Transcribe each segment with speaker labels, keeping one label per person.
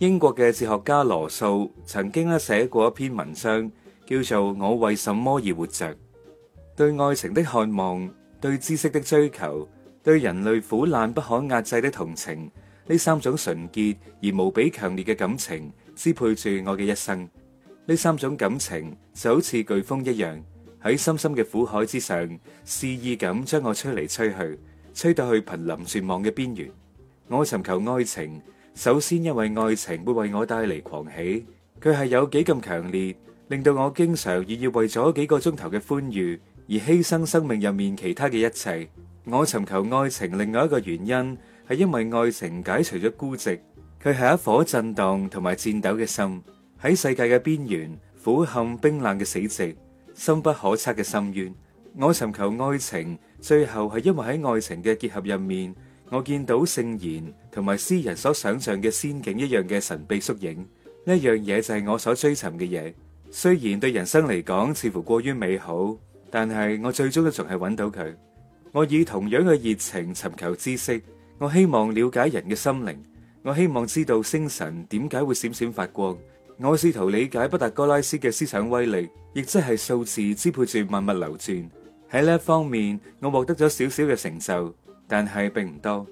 Speaker 1: 英國嘅哲學家羅素曾經咧寫過一篇文章，叫做《我為什麼而活着》。對愛情的渴望，對知識的追求，對人類苦難不可壓制的同情，呢三種純潔而無比強烈嘅感情，支配住我嘅一生。呢三種感情就好似颶風一樣，喺深深嘅苦海之上肆意咁將我吹嚟吹去，吹到去瀕臨絕望嘅邊緣。我尋求愛情。首先，因為愛情會為我帶嚟狂喜，佢係有幾咁強烈，令到我經常願意為咗幾個鐘頭嘅歡愉而犧牲生命入面其他嘅一切。我尋求愛情，另外一個原因係因為愛情解除咗孤寂，佢係一顆震盪同埋顫抖嘅心，喺世界嘅邊緣，俯瞰冰冷嘅死寂，深不可測嘅深淵。我尋求愛情最後係因為喺愛情嘅結合入面。我見到聖賢同埋詩人所想象嘅仙境一樣嘅神秘縮影，呢一樣嘢就係我所追尋嘅嘢。雖然對人生嚟講似乎過於美好，但係我最終都仲係揾到佢。我以同樣嘅熱情尋求知識，我希望了解人嘅心靈，我希望知道星辰點解會閃閃發光。我試圖理解畢達哥拉斯嘅思想威力，亦即係數字支配住萬物流轉。喺呢一方面，我獲得咗少少嘅成就。但係並唔多，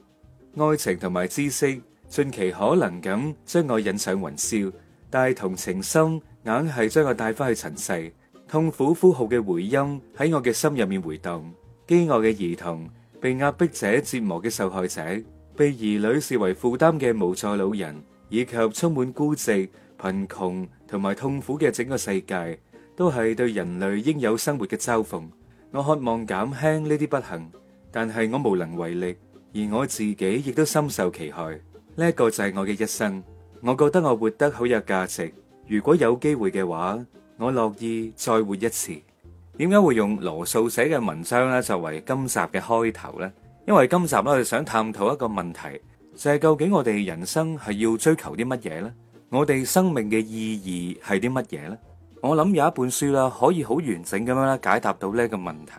Speaker 1: 愛情同埋知識盡其可能咁將我引上雲霄，但係同情心硬係將我帶翻去塵世。痛苦呼號嘅回音喺我嘅心入面回蕩。飢餓嘅兒童、被壓迫者折磨嘅受害者、被兒女視為負擔嘅無助老人，以及充滿孤寂、貧窮同埋痛苦嘅整個世界，都係對人類應有生活嘅嘲諷。我渴望減輕呢啲不幸。但係我無能為力，而我自己亦都深受其害。呢、這、一個就係我嘅一生。我覺得我活得好有價值。如果有機會嘅話，我樂意再活一次。點解會用羅素寫嘅文章咧，作為今集嘅開頭呢？因為今集咧我哋想探討一個問題，就係、是、究竟我哋人生係要追求啲乜嘢呢？我哋生命嘅意義係啲乜嘢呢？我諗有一本書啦，可以好完整咁樣咧解答到呢個問題。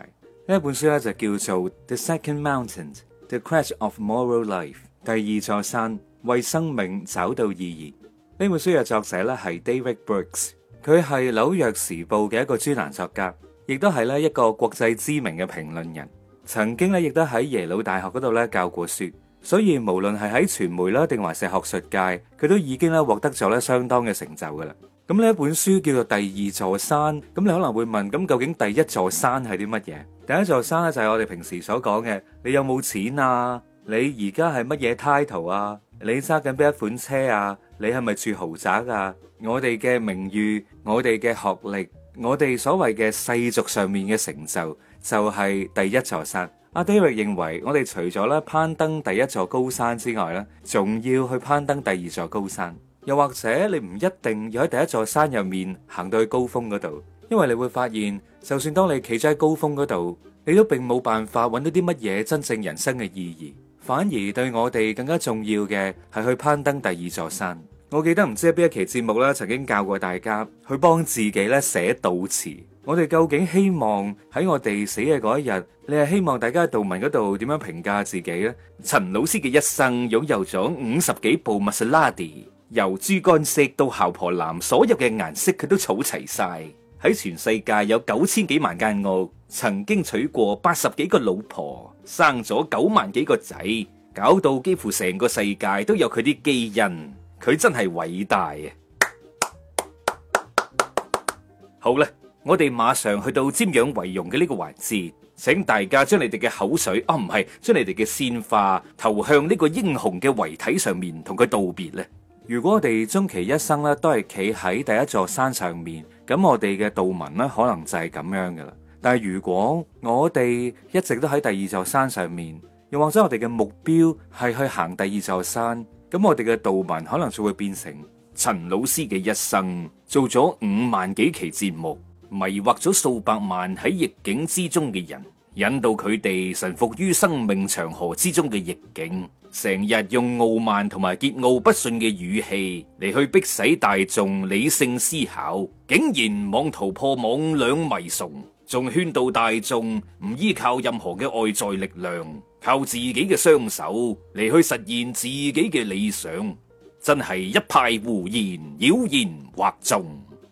Speaker 1: 呢本書咧就叫做《The Second Mountain：The Quest of Moral Life》第二座山為生命找到意義。呢本書嘅作者咧係 David Brooks，佢係紐約時報嘅一個專欄作家，亦都係咧一個國際知名嘅評論人，曾經咧亦都喺耶魯大學嗰度咧教過書，所以無論係喺傳媒啦，定還是學術界，佢都已經咧獲得咗咧相當嘅成就㗎喇。咁呢一本書叫做《第二座山》。咁你可能會問：咁究竟第一座山係啲乜嘢？第一座山咧就係我哋平時所講嘅，你有冇錢啊？你而家係乜嘢 title 啊？你揸緊邊一款車啊？你係咪住豪宅啊？我哋嘅名譽、我哋嘅學歷、我哋所謂嘅世俗上面嘅成就，就係第一座山。阿 David 認為，我哋除咗咧攀登第一座高山之外咧，仲要去攀登第二座高山。又或者你唔一定要喺第一座山入面，行到去高峰嗰度，因為你會發現，就算當你企咗喺高峰嗰度,你都並冇辦法揾到啲乜嘢真正人生嘅意義。反而對我哋更加重要嘅係去攀登第二座山。我記得唔知喺邊一期節目咧，曾經教過大家去幫自己咧寫悼詞。我哋究竟希望喺我哋死嘅嗰一日，你係希望大家喺悼文嗰度點樣評價自己咧？陳老 C 嘅一生擁有咗五十幾部瑪莎拉蒂。由豬肝色到姣婆藍，所有嘅顏色佢都儲齊晒。喺全世界有九千幾萬間屋，曾經娶過八十幾個老婆，生咗九萬幾個仔，搞到幾乎成個世界都有佢啲基因。佢真係偉大啊！好啦，我哋馬上去到瞻仰遺容嘅呢個環節，請大家將你哋嘅口水啊，唔係將你哋嘅鮮花投向呢個英雄嘅遺體上面，同佢道別咧。如果我哋終其一生咧都係企喺第一座山上面，咁我哋嘅道文咧可能就係咁樣噶啦。但係如果我哋一直都喺第二座山上面，又或者我哋嘅目標係去行第二座山，咁我哋嘅道文可能就會變成陳老 C 嘅一生做咗五萬幾期節目，迷惑咗數百萬喺逆境之中嘅人。引導佢哋臣服於生命長河之中嘅逆境，成日用傲慢同埋桀驁不馴嘅語氣嚟去逼使大眾理性思考，竟然妄圖破網兩迷崇，仲勸導大眾唔依靠任何嘅外在力量，靠自己嘅雙手嚟去實現自己嘅理想，真係一派胡言、妖言惑眾。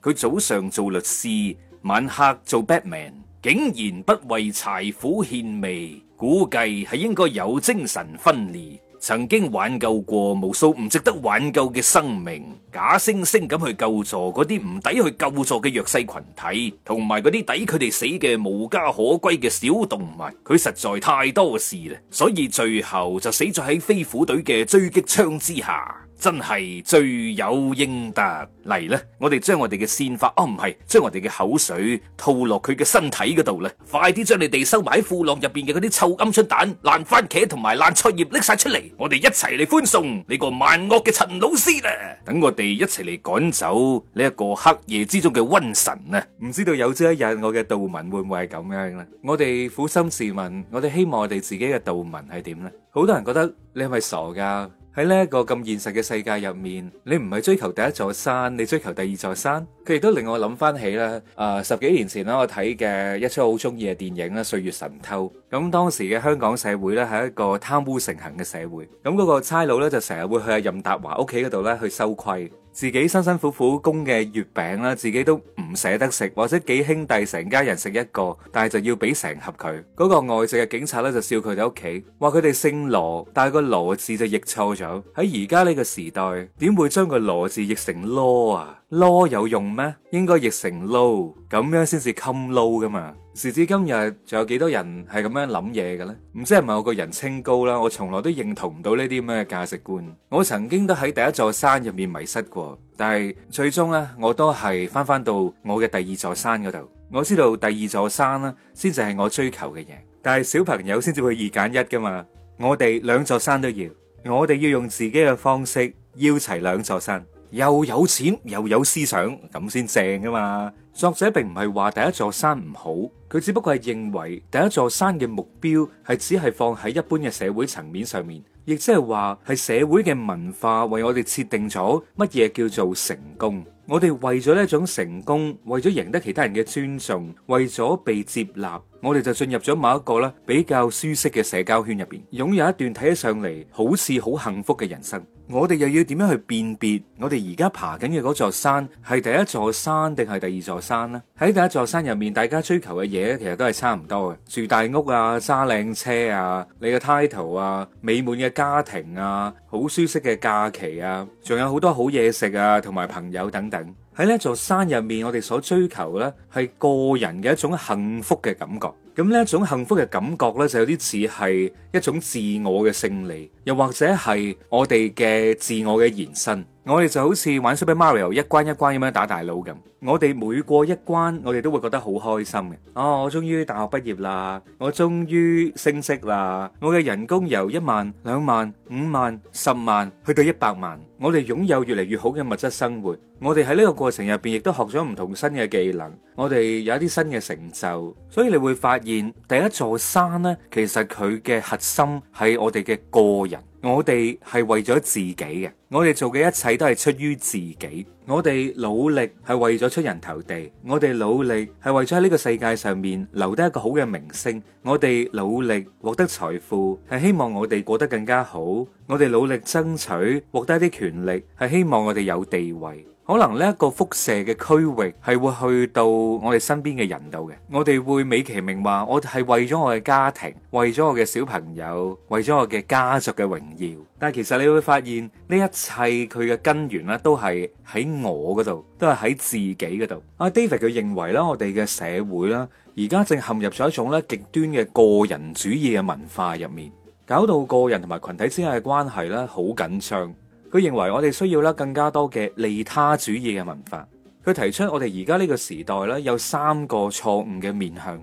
Speaker 1: 佢早上做律師，晚黑做 Batman。竟然不為柴苦獻媚，估計係應該有精神分裂。曾經挽救過無數唔值得挽救嘅生命，假惺惺咁去救助嗰啲唔抵去救助嘅弱勢群體，同埋嗰啲抵佢哋死嘅無家可歸嘅小動物，佢實在太多事啦，所以最後就死咗喺飛虎隊嘅狙擊槍之下。真係罪有應得嚟啦！我哋將我哋嘅線法，哦唔係，將我哋嘅口水吐落佢嘅身體嗰度啦！快啲將你哋收埋喺褲浪入邊嘅嗰啲臭鵪鶉蛋、爛蕃茄同埋爛菜葉拎晒出嚟，我哋一齊嚟歡送你個萬惡嘅陳老 C 啦！等我哋一齊嚟趕走呢一個黑夜之中嘅瘟神啊！唔知道有朝一日我嘅悼文會唔會係咁樣咧？我哋苦心自問，我哋希望我哋自己嘅悼文係點咧？好多人覺得你係咪傻噶？喺呢一個咁現實嘅世界入面，你唔係追求第一座山，你追求第二座山，佢亦都令我諗翻起啦。誒、呃，十幾年前啦，我睇嘅一出好中意嘅電影啦，《歲月神偷》。咁當時嘅香港社會咧，係一個貪污盛行嘅社會，咁、那、嗰個差佬咧就成日會去阿任達華屋企嗰度咧去收規。自己辛辛苦苦供嘅月餅啦，自己都唔捨得食，或者幾兄弟成家人食一個，但係就要俾成盒佢。嗰個外籍嘅警察咧就笑佢哋屋企，話佢哋姓羅，但係個羅字就譯錯咗。喺而家呢個時代，點會將個羅字譯成囉啊？囉有用咩？應該譯成撈，咁樣先至冚撈噶嘛。時至今日，仲有幾多人係咁樣諗嘢嘅咧？唔知係咪我個人清高啦，我從來都認同唔到呢啲咁嘅價值觀。我曾經都喺第一座山入面迷失過，但係最終咧，我都係返返到我嘅第二座山嗰度。我知道第二座山啦，先至係我追求嘅嘢。但係小朋友先至會二揀一噶嘛？我哋兩座山都要，我哋要用自己嘅方式要齊兩座山。又有錢又有思想咁先正噶嘛？作者並唔係話第一座山唔好，佢只不過係認為第一座山嘅目標係只係放喺一般嘅社會層面上面，亦即係話係社會嘅文化為我哋設定咗乜嘢叫做成功。我哋為咗呢一種成功，為咗贏得其他人嘅尊重，為咗被接納，我哋就進入咗某一個咧比較舒適嘅社交圈入邊，擁有一段睇起上嚟好似好幸福嘅人生。我哋又要點樣去辨別我哋而家爬緊嘅嗰座山係第一座山定係第二座山呢？喺第一座山入面，大家追求嘅嘢其實都係差唔多嘅，住大屋啊，揸靚車啊，你嘅 title 啊，美滿嘅家庭啊，好舒適嘅假期啊，仲有好多好嘢食啊，同埋朋友等等。喺呢座山入面，我哋所追求咧係個人嘅一種幸福嘅感覺。咁呢一種幸福嘅感覺呢，就有啲似係一種自我嘅勝利，又或者係我哋嘅自我嘅延伸。我哋就好似玩 Super Mario 一關一關咁樣打大佬咁。我哋每過一關，我哋都會覺得好開心嘅。哦，我終於大學畢業啦，我終於升職啦，我嘅人工由一萬、兩萬、五萬、十萬去到一百萬，我哋擁有越嚟越好嘅物質生活。我哋喺呢個過程入邊，亦都學咗唔同新嘅技能，我哋有一啲新嘅成就，所以你會發現。而第一座山呢，其實佢嘅核心係我哋嘅個人，我哋係為咗自己嘅，我哋做嘅一切都係出於自己，我哋努力係為咗出人頭地，我哋努力係為咗喺呢個世界上面留低一個好嘅名聲，我哋努力獲得財富，係希望我哋過得更加好，我哋努力爭取獲得一啲權力，係希望我哋有地位。可能呢一個輻射嘅區域係會去到我哋身邊嘅人度嘅，我哋會美其名話我係為咗我嘅家庭，為咗我嘅小朋友，為咗我嘅家族嘅榮耀。但係其實你會發現呢一切佢嘅根源呢，都係喺我嗰度，都係喺自己嗰度。阿 David 佢認為咧，我哋嘅社會咧而家正陷入咗一種咧極端嘅個人主義嘅文化入面，搞到個人同埋群體之間嘅關係咧好緊張。佢認為我哋需要啦更加多嘅利他主義嘅文化。佢提出我哋而家呢個時代咧有三個錯誤嘅面向。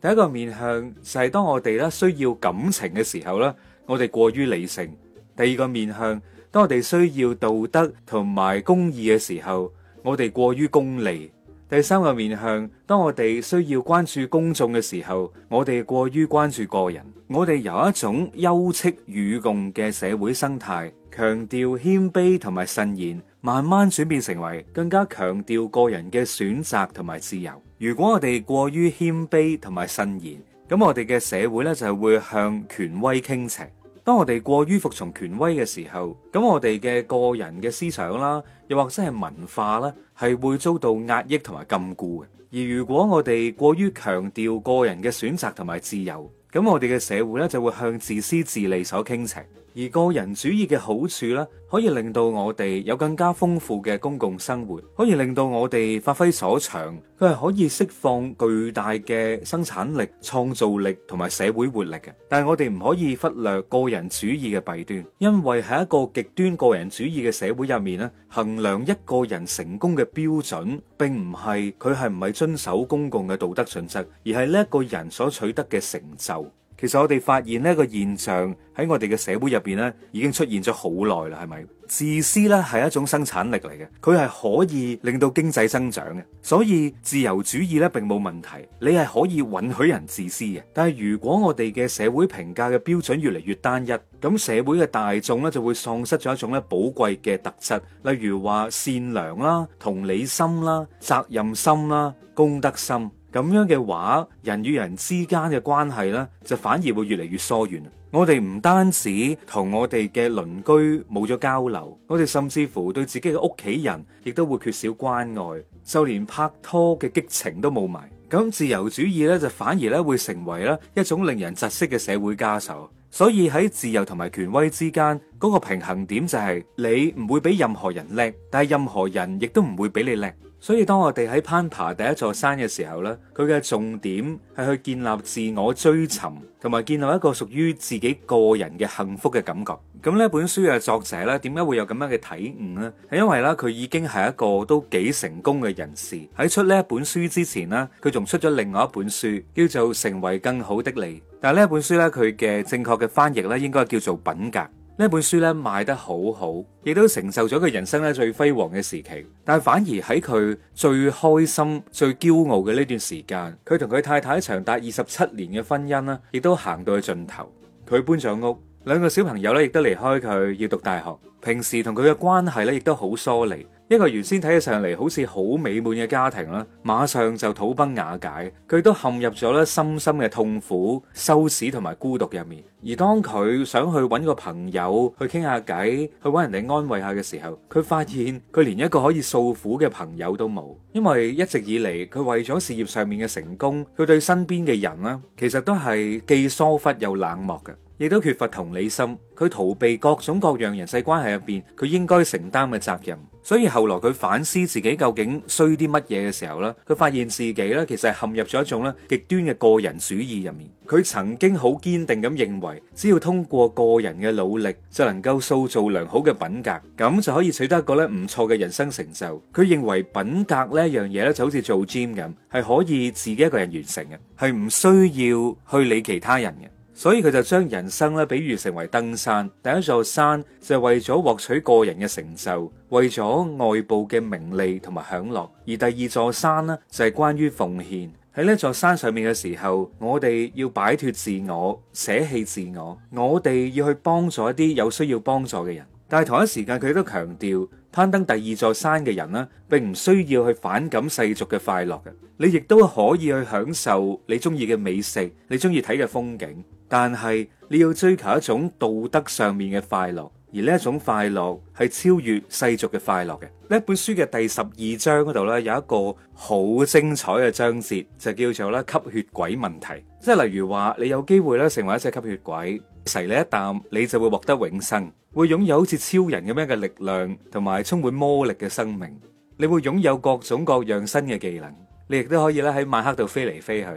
Speaker 1: 第一個面向就係當我哋咧需要感情嘅時候咧，我哋過於理性。第二個面向，當我哋需要道德同埋公義嘅時候，我哋過於功利。第三個面向，當我哋需要關注公眾嘅時候，我哋過於關注個人。我哋有一種休戚與共嘅社會生態。強調謙卑同埋慎言，慢慢轉變成為更加強調個人嘅選擇同埋自由。如果我哋過於謙卑同埋慎言，咁我哋嘅社會呢，就會向權威傾斜。當我哋過於服從權威嘅時候，咁我哋嘅個人嘅思想啦，又或者係文化啦，係會遭到壓抑同埋禁錮嘅。而如果我哋過於強調個人嘅選擇同埋自由，咁我哋嘅社會呢，就會向自私自利所傾斜。而個人主義嘅好處咧，可以令到我哋有更加豐富嘅公共生活，可以令到我哋發揮所長。佢係可以釋放巨大嘅生產力、創造力同埋社會活力嘅。但係我哋唔可以忽略個人主義嘅弊端，因為喺一個極端個人主義嘅社會入面咧，衡量一個人成功嘅標準並唔係佢係唔係遵守公共嘅道德準則，而係呢一個人所取得嘅成就。其實我哋發現呢個現象喺我哋嘅社會入邊呢已經出現咗好耐啦，係咪？自私呢係一種生產力嚟嘅，佢係可以令到經濟增長嘅。所以自由主義呢並冇問題，你係可以允許人自私嘅。但係如果我哋嘅社會評價嘅標準越嚟越單一，咁社會嘅大眾呢就會喪失咗一種咧寶貴嘅特質，例如話善良啦、同理心啦、責任心啦、公德心。咁樣嘅話，人與人之間嘅關係呢，就反而會越嚟越疏遠。我哋唔單止同我哋嘅鄰居冇咗交流，我哋甚至乎對自己嘅屋企人，亦都會缺少關愛，就連拍拖嘅激情都冇埋。咁自由主義呢，就反而咧會成為咧一種令人窒息嘅社會枷鎖。所以喺自由同埋權威之間嗰個平衡點，就係你唔會俾任何人叻，但係任何人亦都唔會俾你叻。所以，當我哋喺攀爬第一座山嘅時候咧，佢嘅重點係去建立自我追尋，同埋建立一個屬於自己個人嘅幸福嘅感覺。咁呢本書嘅作者咧，點解會有咁樣嘅體悟呢？係因為咧，佢已經係一個都幾成功嘅人士。喺出呢一本書之前呢，佢仲出咗另外一本書，叫做《成為更好的你》。但係呢一本書咧，佢嘅正確嘅翻譯咧，應該叫做《品格》。呢本書咧賣得好好，亦都承受咗佢人生咧最輝煌嘅時期，但係反而喺佢最開心、最驕傲嘅呢段時間，佢同佢太太長達二十七年嘅婚姻咧，亦都行到去盡頭。佢搬咗屋，兩個小朋友咧亦都離開佢，要讀大學，平時同佢嘅關係咧亦都好疏離。一個原先睇起上嚟好似好美滿嘅家庭啦，馬上就土崩瓦解。佢都陷入咗咧深深嘅痛苦、羞恥同埋孤獨入面。而當佢想去揾個朋友去傾下偈，去揾人哋安慰下嘅時候，佢發現佢連一個可以訴苦嘅朋友都冇。因為一直以嚟，佢為咗事業上面嘅成功，佢對身邊嘅人咧，其實都係既疏忽又冷漠嘅。亦都缺乏同理心，佢逃避各種各樣人際關係入邊，佢應該承擔嘅責任，所以後來佢反思自己究竟衰啲乜嘢嘅時候咧，佢發現自己咧其實係陷入咗一種咧極端嘅個人主義入面。佢曾經好堅定咁認為，只要通過個人嘅努力就能夠塑造良好嘅品格，咁就可以取得一個咧唔錯嘅人生成就。佢認為品格呢一樣嘢咧就好似做 gym 咁，係可以自己一個人完成嘅，係唔需要去理其他人嘅。所以佢就將人生咧比喻成為登山，第一座山就係為咗獲取個人嘅成就，為咗外部嘅名利同埋享樂；而第二座山呢就係關於奉獻。喺呢座山上面嘅時候，我哋要擺脫自我，捨棄自我，我哋要去幫助一啲有需要幫助嘅人。但係同一時間，佢都強調，攀登第二座山嘅人呢，並唔需要去反感世俗嘅快樂嘅，你亦都可以去享受你中意嘅美食，你中意睇嘅風景。但係你要追求一種道德上面嘅快樂，而呢一種快樂係超越世俗嘅快樂嘅。呢本書嘅第十二章嗰度咧有一個好精彩嘅章節，就叫做咧吸血鬼問題。即係例如話你有機會咧成為一隻吸血鬼，食你一啖，你就會獲得永生，會擁有好似超人咁樣嘅力量，同埋充滿魔力嘅生命。你會擁有各種各樣新嘅技能，你亦都可以咧喺晚黑度飛嚟飛去。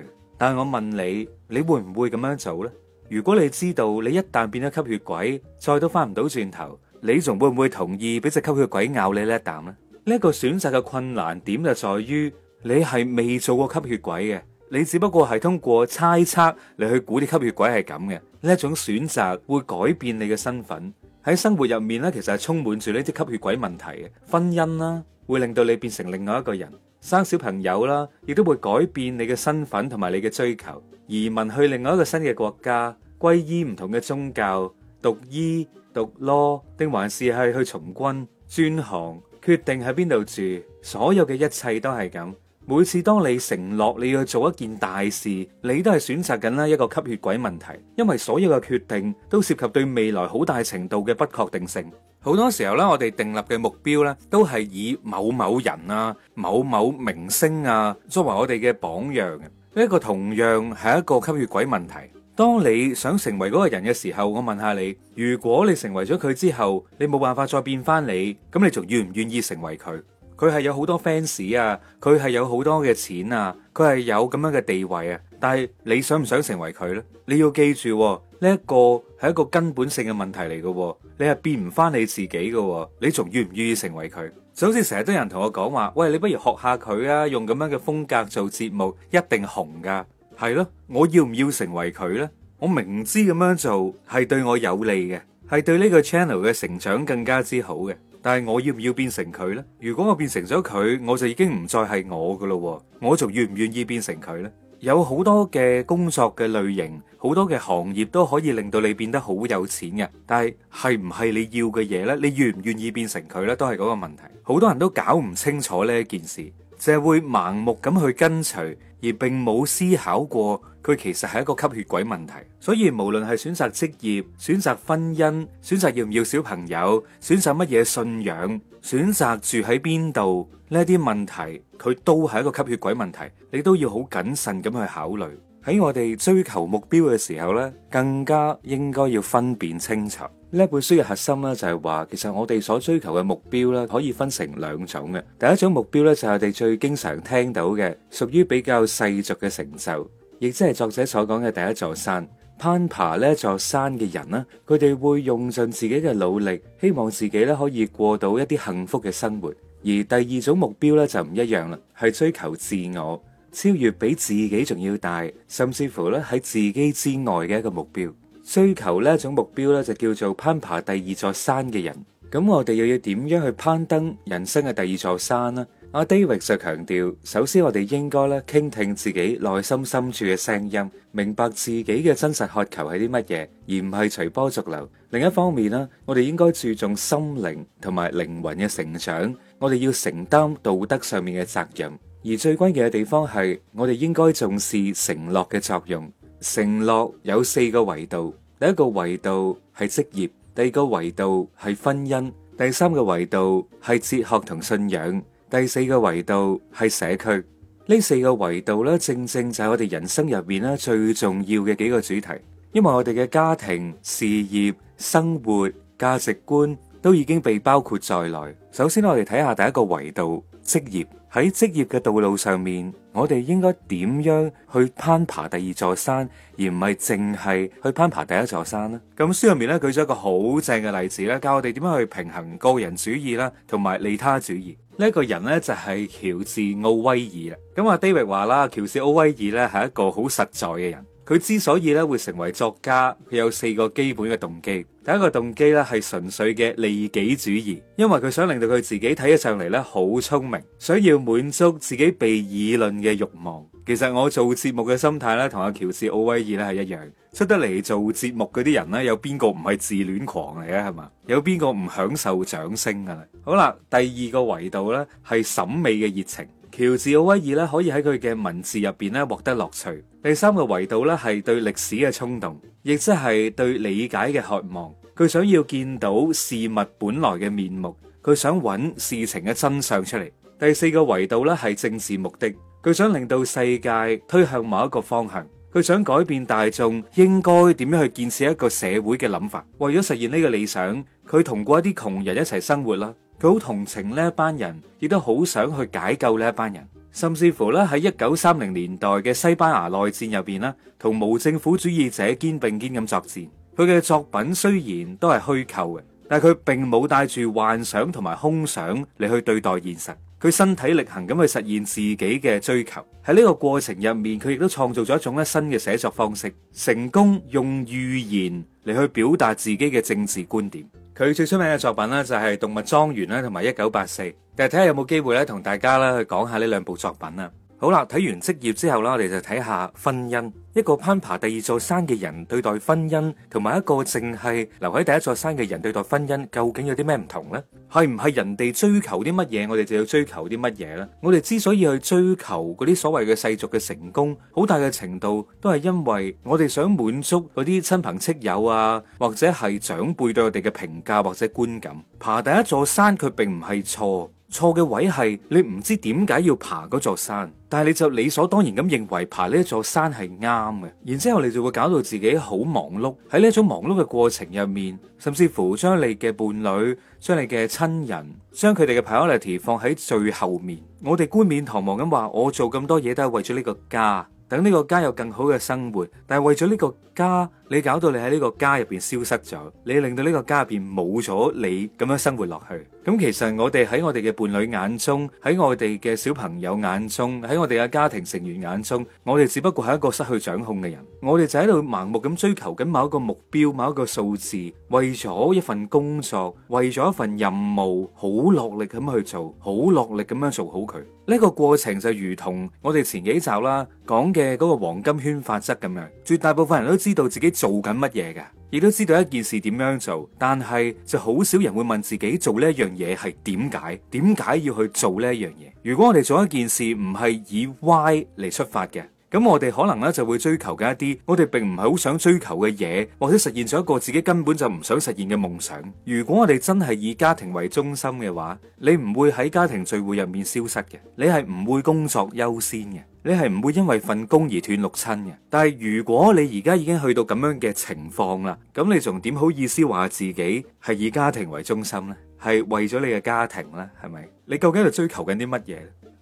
Speaker 1: 但我問你，你會唔會咁樣做呢？如果你知道你一旦變咗吸血鬼，再都翻唔到轉頭，你仲會唔會同意俾隻吸血鬼咬你呢一啖呢？呢一個選擇嘅困難點就在於你係未做過吸血鬼嘅，你只不過係通過猜測嚟去估啲吸血鬼係咁嘅。呢一種選擇會改變你嘅身份喺生活入面咧，其實係充滿住呢啲吸血鬼問題嘅，婚姻啦會令到你變成另外一個人。生小朋友啦，亦都會改變你嘅身份同埋你嘅追求。移民去另外一個新嘅國家，皈依唔同嘅宗教，讀醫、讀 law，定還是係去從軍、轉行，決定喺邊度住，所有嘅一切都係咁。每次當你承諾你要做一件大事，你都係選擇緊啦一個吸血鬼問題，因為所有嘅決定都涉及對未來好大程度嘅不確定性。好多時候咧，我哋訂立嘅目標咧，都係以某某人啊、某某明星啊作為我哋嘅榜樣嘅，呢個同樣係一個吸血鬼問題。當你想成為嗰個人嘅時候，我問下你：如果你成為咗佢之後，你冇辦法再變翻你，咁你仲願唔願意成為佢？佢係有好多 fans 啊，佢係有好多嘅錢啊，佢係有咁樣嘅地位啊，但係你想唔想成為佢呢？你要記住喎，呢個係一個根本性嘅問題嚟嘅喎，你係變唔翻你自己嘅喎，你仲願唔願意成為佢？就好似成日都有人同我講話，喂，你不如學下佢啊，用咁樣嘅風格做節目一定紅噶，係咯？我要唔要成為佢呢？我明知咁樣做係對我有利嘅，係對呢個 channel 嘅成長更加之好嘅。但係我要唔要變成佢呢？如果我變成咗佢，我就已經唔再係我㗎咯。我仲願唔願意變成佢呢？有好多嘅工作嘅類型，好多嘅行業都可以令到你變得好有錢嘅。但係係唔係你要嘅嘢呢？你願唔願意變成佢呢？都係嗰個問題。好多人都搞唔清楚呢一件事。就係會盲目咁去跟隨，而並冇思考過佢其實係一個吸血鬼問題。所以無論係選擇職業、選擇婚姻、選擇要唔要小朋友、選擇乜嘢信仰、選擇住喺邊度，呢啲問題，佢都係一個吸血鬼問題。你都要好謹慎咁去考慮，喺我哋追求目標嘅時候咧，更加應該要分辨清楚。呢本書嘅核心咧，就係話，其實我哋所追求嘅目標咧可以分成兩種嘅。第一種目標咧就係我哋最經常聽到嘅，屬於比較世俗嘅成就，亦即係作者所講嘅第一座山。攀爬呢座山嘅人呢，佢哋會用盡自己嘅努力，希望自己咧可以過到一啲幸福嘅生活。而第二種目標咧就唔一樣啦，係追求自我超越，比自己仲要大，甚至乎咧喺自己之外嘅一個目標。追求呢一種目標咧，就叫做攀爬第二座山嘅人。咁我哋又要點樣去攀登人生嘅第二座山呢？阿 David 就強調，首先我哋應該咧傾聽自己內心深處嘅聲音，明白自己嘅真實渴求係啲乜嘢，而唔係隨波逐流。另一方面呢，我哋應該注重心靈同埋靈魂嘅成長，我哋要承擔道德上面嘅責任。而最關鍵嘅地方係，我哋應該重視承諾嘅作用。承諾有四個維度。第一個維度係職業，第二個維度係婚姻，第三個維度係哲學同信仰，第四個維度係社區。呢四個維度咧，正正就係我哋人生入面咧最重要嘅幾個主題，因為我哋嘅家庭、事業、生活、價值觀都已經被包括在內。首先，我哋睇下第一個維度，職業。喺職業嘅道路上面，我哋應該點樣去攀爬第二座山，而唔係淨係去攀爬第一座山呢？咁書入面咧舉咗一個好正嘅例子咧，教我哋點樣去平衡個人主義啦，同埋利他主義。呢一個人呢，就係喬治奧威爾啦。咁阿 David 話啦，喬治奧威爾咧係一個好實在嘅人。佢之所以咧會成為作家，佢有四個基本嘅動機。第一個動機咧係純粹嘅利己主義，因為佢想令到佢自己睇起上嚟咧好聰明，想要滿足自己被議論嘅欲望。其實我做節目嘅心態咧同阿喬治奧威爾咧係一樣，出得嚟做節目嗰啲人咧有邊個唔係自戀狂嚟啊？係嘛，有邊個唔享受掌聲噶？好啦，第二個維度咧係審美嘅熱情。喬治奧威爾咧可以喺佢嘅文字入邊咧獲得樂趣。第三個維度咧係對歷史嘅衝動，亦即係對理解嘅渴望。佢想要見到事物本來嘅面目，佢想揾事情嘅真相出嚟。第四個維度咧係政治目的，佢想令到世界推向某一個方向，佢想改變大眾應該點樣去建設一個社會嘅諗法。為咗實現呢個理想，佢同過一啲窮人一齊生活啦。佢好同情呢一班人，亦都好想去解救呢一班人，甚至乎咧喺一九三零年代嘅西班牙內戰入邊啦，同無政府主義者肩並肩咁作戰。佢嘅作品雖然都係虛構嘅，但係佢並冇帶住幻想同埋空想嚟，去對待現實。佢身體力行咁去實現自己嘅追求。喺呢個過程入面，佢亦都創造咗一種咧新嘅寫作方式，成功用預言嚟去表達自己嘅政治觀點，佢最出名嘅作品呢，就係《動物莊園》啦，同埋《一九八四》，但係睇下有冇機會咧同大家咧去講下呢兩部作品啊！好啦，睇完職業之後啦，我哋就睇下婚姻。一個攀爬第二座山嘅人對待婚姻，同埋一個淨係留喺第一座山嘅人對待婚姻，究竟有啲咩唔同呢？係唔係人哋追求啲乜嘢，我哋就要追求啲乜嘢呢？我哋之所以去追求嗰啲所謂嘅世俗嘅成功，好大嘅程度都係因為我哋想滿足嗰啲親朋戚友啊，或者係長輩對我哋嘅評價或者觀感。爬第一座山，佢並唔係錯。錯嘅位係你唔知點解要爬嗰座山，但係你就理所當然咁認為爬呢座山係啱嘅，然之後你就會搞到自己好忙碌。喺呢一種忙碌嘅過程入面，甚至乎將你嘅伴侶、將你嘅親人、將佢哋嘅 priority 放喺最後面。我哋冠冕堂皇咁話，我做咁多嘢都係為咗呢個家，等呢個家有更好嘅生活。但係為咗呢個家。你搞到你喺呢個家入邊消失咗，你令到呢個家入邊冇咗你咁樣生活落去。咁其實我哋喺我哋嘅伴侶眼中，喺我哋嘅小朋友眼中，喺我哋嘅家庭成員眼中，我哋只不過係一個失去掌控嘅人。我哋就喺度盲目咁追求緊某一個目標、某一個數字，為咗一份工作，為咗一份任務，好落力咁去做，好落力咁樣做好佢。呢個過程就如同我哋前幾集啦講嘅嗰個黃金圈法則咁樣，絕大部分人都知道自己做緊乜嘢嘅，亦都知道一件事點樣做，但係就好少人會問自己做呢一樣嘢係點解，點解要去做呢一樣嘢。如果我哋做一件事唔係以 Y 嚟出發嘅。咁我哋可能咧就會追求緊一啲我哋並唔係好想追求嘅嘢，或者實現咗一個自己根本就唔想實現嘅夢想。如果我哋真係以家庭為中心嘅話，你唔會喺家庭聚會入面消失嘅，你係唔會工作優先嘅，你係唔會因為份工而斷六親嘅。但係如果你而家已經去到咁樣嘅情況啦，咁你仲點好意思話自己係以家庭為中心呢？係為咗你嘅家庭呢？係咪？你究竟係追求緊啲乜嘢？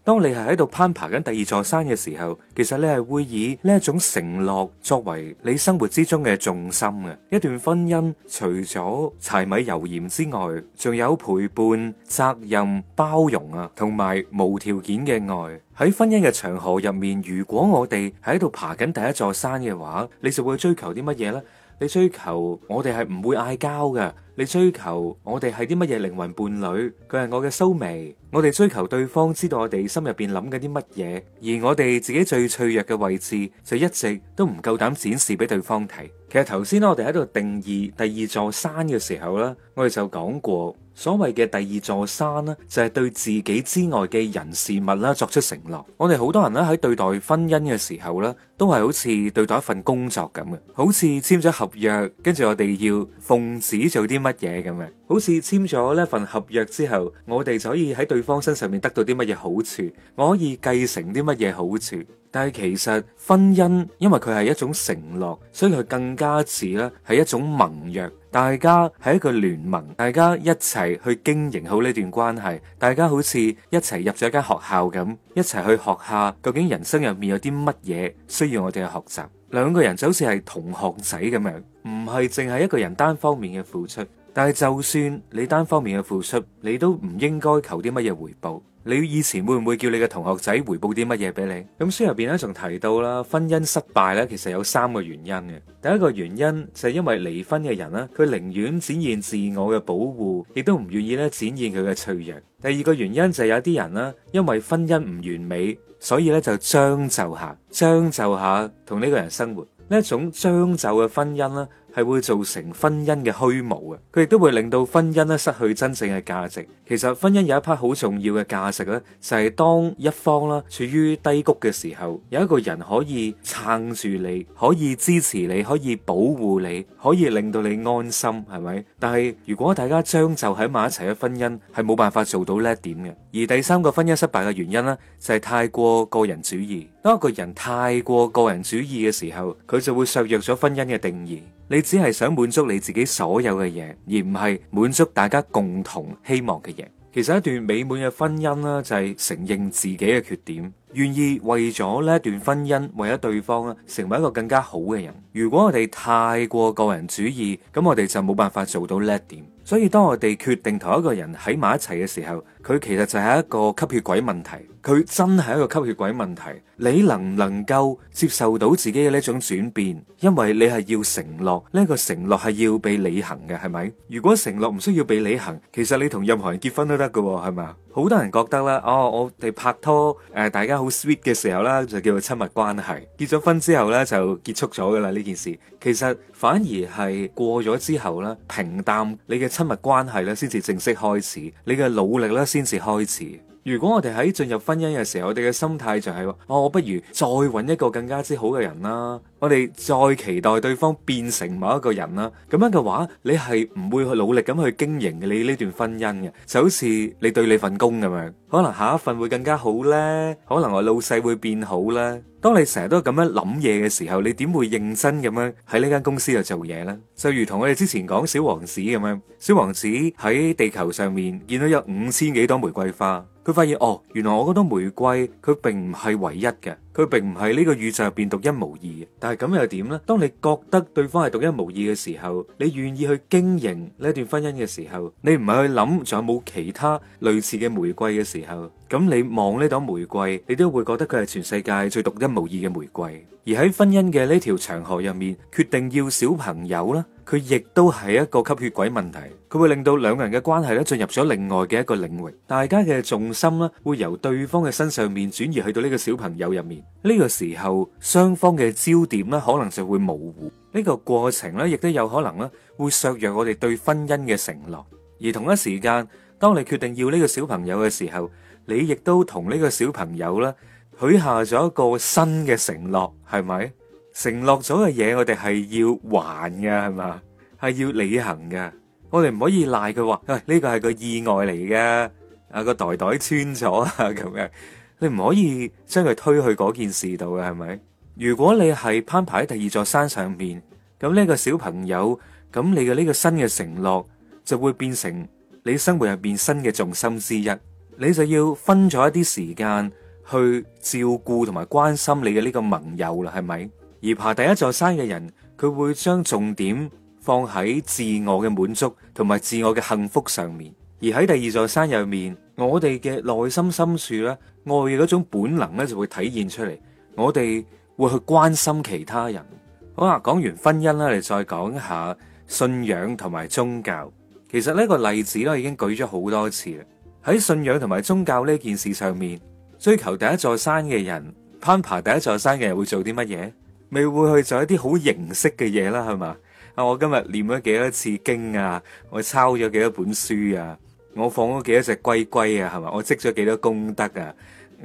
Speaker 1: 當你係喺度攀爬緊第二座山嘅時候，其實你係會以呢一種承諾作為你生活之中嘅重心嘅。一段婚姻除咗柴米油鹽之外，仲有陪伴、責任、包容啊，同埋無條件嘅愛。喺婚姻嘅長河入面，如果我哋係喺度爬緊第一座山嘅話，你就會追求啲乜嘢呢？你追求我哋係唔會嗌交嘅。你追求我哋係啲乜嘢，靈魂伴侶？佢係我嘅蘇眉。我哋追求對方知道我哋心入邊諗緊啲乜嘢，而我哋自己最脆弱嘅位置就一直都唔夠膽展示俾對方睇。其實頭先咧，我哋喺度定義第二座山嘅時候咧，我哋就講過。所謂嘅第二座山呢，就係對自己之外嘅人事物啦，作出承諾。我哋好多人呢，喺對待婚姻嘅時候啦，都係好似對待一份工作咁嘅，好似簽咗合約，跟住我哋要奉旨做啲乜嘢咁嘅，好似簽咗呢份合約之後，我哋就可以喺對方身上面得到啲乜嘢好處，我可以繼承啲乜嘢好處。但係其實婚姻，因為佢係一種承諾，所以佢更加似呢，係一種盟約。大家係一個聯盟，大家一齊去經營好呢段關係。大家好似一齊入咗一間學校咁，一齊去學下究竟人生入面有啲乜嘢需要我哋去學習。兩個人就好似係同學仔咁樣，唔係淨係一個人單方面嘅付出。但係就算你單方面嘅付出，你都唔應該求啲乜嘢回報。你以前會唔會叫你嘅同學仔回報啲乜嘢俾你？咁書入邊咧，仲提到啦，婚姻失敗咧，其實有三個原因嘅。第一個原因就係因為離婚嘅人呢，佢寧願展現自我嘅保護，亦都唔願意咧展現佢嘅脆弱。第二個原因就係有啲人呢，因為婚姻唔完美，所以咧就將就下，將就下同呢個人生活。呢一種將就嘅婚姻咧，係會造成婚姻嘅虛無嘅，佢亦都會令到婚姻咧失去真正嘅價值。其實婚姻有一 part 好重要嘅價值咧，就係當一方啦處於低谷嘅時候，有一個人可以撐住你，可以支持你，可以保護你，可以令到你安心，係咪？但係如果大家將就喺埋一齊嘅婚姻係冇辦法做到呢一點嘅。而第三個婚姻失敗嘅原因呢就係太過個人主義。當一個人太過個人主義嘅時候，佢就會削弱咗婚姻嘅定義。你只係想滿足你自己所有嘅嘢，而唔係滿足大家共同希望嘅嘢。其實一段美滿嘅婚姻啦，就係承認自己嘅缺點，願意為咗呢段婚姻，為咗對方啦，成為一個更加好嘅人。如果我哋太過個人主義，咁我哋就冇辦法做到呢一點。所以當我哋決定同一個人喺埋一齊嘅時候，佢其實就係一個吸血鬼問題，佢真係一個吸血鬼問題。你能唔能夠接受到自己嘅呢種轉變？因為你係要承諾，呢一個承諾係要被履行嘅，係咪？如果承諾唔需要被履行，其實你同任何人結婚都得㗎，係咪？好多人覺得啦，哦，我哋拍拖，誒、呃，大家好 sweet 嘅時候啦，就叫做親密關係。結咗婚之後咧，就結束咗㗎啦呢件事。其實反而係過咗之後咧，平淡你嘅親密關係咧，先至正式開始，你嘅努力咧，先先至開始。如果我哋喺進入婚姻嘅時候，我哋嘅心態就係話，哦，我不如再揾一個更加之好嘅人啦。我哋再期待對方變成某一個人啦，咁樣嘅話，你係唔會去努力咁去經營你呢段婚姻嘅，就好似你對你份工咁樣，可能下一份會更加好呢，可能我老細會變好呢。當你成日都咁樣諗嘢嘅時候，你點會認真咁樣喺呢間公司度做嘢呢？就如同我哋之前講小王子咁樣，小王子喺地球上面見到有五千幾朵玫瑰花，佢發現哦，原來我嗰朵玫瑰佢並唔係唯一嘅。佢並唔係呢個宇宙入邊獨一無二嘅，但係咁又點呢？當你覺得對方係獨一無二嘅時候，你願意去經營呢段婚姻嘅時候，你唔係去諗仲有冇其他類似嘅玫瑰嘅時候。咁你望呢朵玫瑰，你都會覺得佢係全世界最獨一無二嘅玫瑰。而喺婚姻嘅呢條長河入面，決定要小朋友啦，佢亦都係一個吸血鬼問題。佢會令到兩個人嘅關係呢進入咗另外嘅一個領域，大家嘅重心呢會由對方嘅身上面轉移去到呢個小朋友入面。呢個時候，雙方嘅焦點呢可能就會模糊。呢個過程呢亦都有可能呢會削弱我哋對婚姻嘅承諾。而同一時間，當你決定要呢個小朋友嘅時候，你亦都同呢個小朋友咧許下咗一個新嘅承諾，係咪？承諾咗嘅嘢，我哋係要還嘅，係嘛？係要履行嘅。我哋唔可以賴佢話，喂，呢個係個意外嚟嘅，啊個袋袋穿咗啊咁嘅。你唔可以將佢推去嗰件事度嘅，係咪？如果你係攀爬喺第二座山上面，咁呢個小朋友，咁你嘅呢個新嘅承諾就會變成你生活入邊新嘅重心之一。你就要分咗一啲時間去照顧同埋關心你嘅呢個盟友啦，係咪？而爬第一座山嘅人，佢會將重點放喺自我嘅滿足同埋自我嘅幸福上面；而喺第二座山入面，我哋嘅內心深處咧，愛嘅嗰種本能咧，就會體現出嚟。我哋會去關心其他人。好啦，講完婚姻啦，你再講一下信仰同埋宗教。其實呢個例子咧，已經舉咗好多次啦。喺信仰同埋宗教呢件事上面，追求第一座山嘅人，攀爬第一座山嘅人會做啲乜嘢？未會去做一啲好形式嘅嘢啦，係嘛？啊，我今日念咗幾多次經啊，我抄咗幾多本書啊，我放咗幾多隻龜龜啊，係嘛？我積咗幾多功德啊，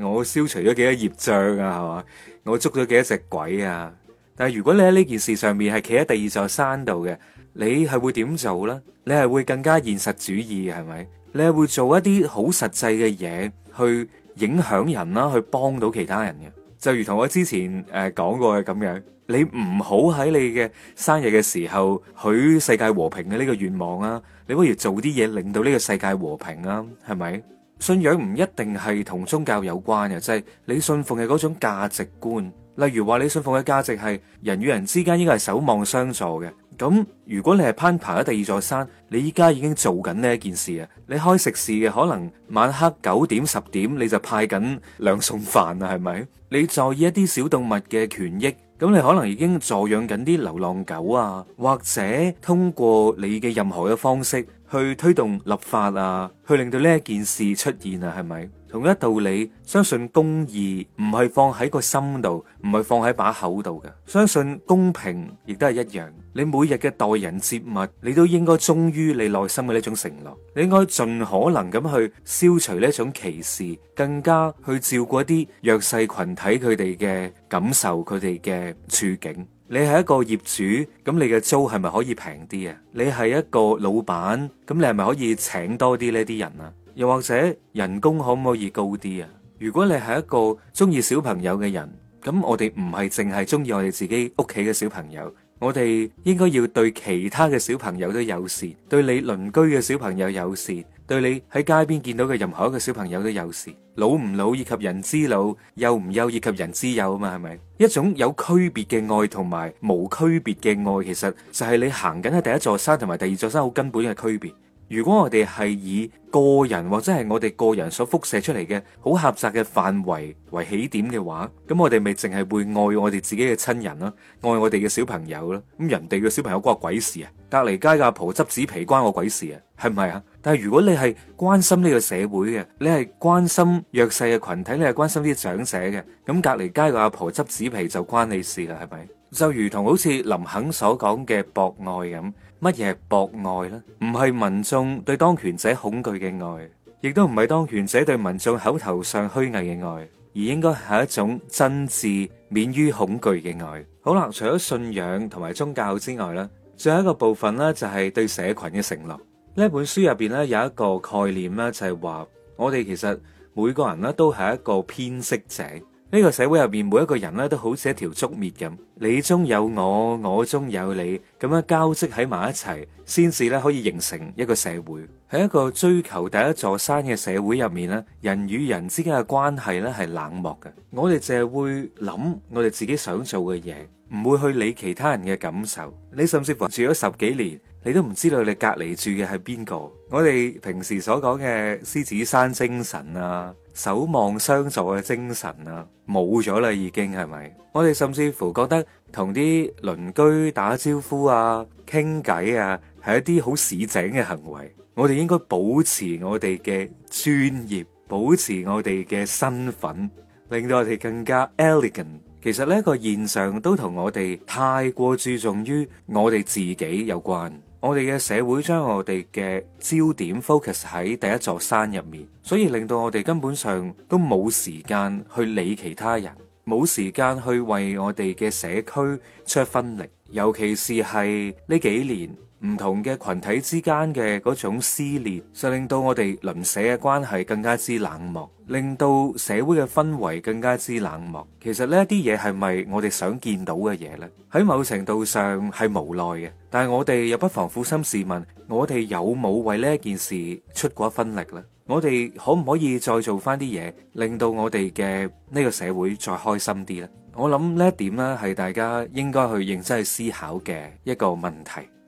Speaker 1: 我消除咗幾多業障啊，係嘛？我捉咗幾多隻鬼啊？但係如果你喺呢件事上面，係企喺第二座山度嘅，你係會點做咧？你係會更加現實主義，係咪？你係會做一啲好實際嘅嘢，去影響人啦，去幫到其他人嘅。就如同我之前誒、呃、講過嘅咁樣，你唔好喺你嘅生日嘅時候許世界和平嘅呢個願望啊，你不如做啲嘢令到呢個世界和平啊，係咪？信仰唔一定係同宗教有關嘅，即係你信奉嘅嗰種價值觀。例如話你信奉嘅價值係人與人之間應該係守望相助嘅。咁如果你係攀爬喺第二座山，你依家已經做緊呢一件事啊！你開食肆嘅，可能晚黑九點十點你就派緊兩餸飯啊，係咪？你在意一啲小動物嘅權益，咁你可能已經助養緊啲流浪狗啊，或者通過你嘅任何嘅方式去推動立法啊，去令到呢一件事出現啊，係咪？同一道理，相信公義唔係放喺個心度，唔係放喺把口度嘅。相信公平亦都係一樣。你每日嘅待人接物，你都應該忠於你內心嘅呢種承諾。你應該盡可能咁去消除呢種歧視，更加去照顧一啲弱勢群體佢哋嘅感受，佢哋嘅處境。你係一個業主，咁你嘅租係咪可以平啲啊？你係一個老闆，咁你係咪可以請多啲呢啲人啊？又或者人工可唔可以高啲啊？如果你係一個中意小朋友嘅人，咁我哋唔係淨係中意我哋自己屋企嘅小朋友，我哋應該要對其他嘅小朋友都友善，對你鄰居嘅小朋友友善，對你喺街邊見到嘅任何一個小朋友都友善。老唔老以及人之老，幼唔幼以及人之幼啊嘛，係咪一種有區別嘅愛同埋冇區別嘅愛？其實就係你行緊喺第一座山同埋第二座山好根本嘅區別。如果我哋係以個人或者係我哋個人所輻射出嚟嘅好狹窄嘅範圍為起點嘅話，咁我哋咪淨係會愛我哋自己嘅親人啦、啊，愛我哋嘅小朋友啦、啊。咁人哋嘅小朋友關我鬼事啊？隔籬街嘅阿婆執紙皮關我鬼事啊？係咪啊？但係如果你係關心呢個社會嘅，你係關心弱勢嘅群體，你係關心啲長者嘅，咁隔籬街嘅阿婆執紙皮就關你事啦、啊？係咪？就如同好似林肯所講嘅博愛咁。乜嘢係博愛咧？唔係民眾對當權者恐懼嘅愛，亦都唔係當權者對民眾口頭上虛偽嘅愛，而應該係一種真摯、免於恐懼嘅愛。好啦，除咗信仰同埋宗教之外咧，最後一個部分咧就係對社群嘅承諾。呢本書入邊咧有一個概念咧就係話，我哋其實每個人咧都係一個編織者。呢個社會入面，每一個人咧都好似一條竹篾咁，你中有我，我中有你，咁樣交織喺埋一齊，先至咧可以形成一個社會。喺一個追求第一座山嘅社會入面咧，人與人之間嘅關係咧係冷漠嘅。我哋淨係會諗我哋自己想做嘅嘢，唔會去理其他人嘅感受。你甚至乎住咗十幾年。你都唔知道你隔籬住嘅係邊個？我哋平時所講嘅獅子山精神啊，守望相助嘅精神啊，冇咗啦已經係咪？我哋甚至乎覺得同啲鄰居打招呼啊、傾偈啊，係一啲好市井嘅行為。我哋應該保持我哋嘅專業，保持我哋嘅身份，令到我哋更加 elegant。其實呢個現象都同我哋太過注重於我哋自己有關。我哋嘅社會將我哋嘅焦點 focus 喺第一座山入面，所以令到我哋根本上都冇時間去理其他人，冇時間去為我哋嘅社區出分力，尤其是係呢幾年。唔同嘅群體之間嘅嗰種撕裂，就令到我哋鄰舍嘅關係更加之冷漠，令到社會嘅氛圍更加之冷漠。其實呢一啲嘢係咪我哋想見到嘅嘢呢？喺某程度上係無奈嘅，但係我哋又不妨撫心自問，我哋有冇為呢一件事出過一分力呢？我哋可唔可以再做返啲嘢，令到我哋嘅呢個社會再開心啲呢？我諗呢一點呢係大家應該去認真去思考嘅一個問題。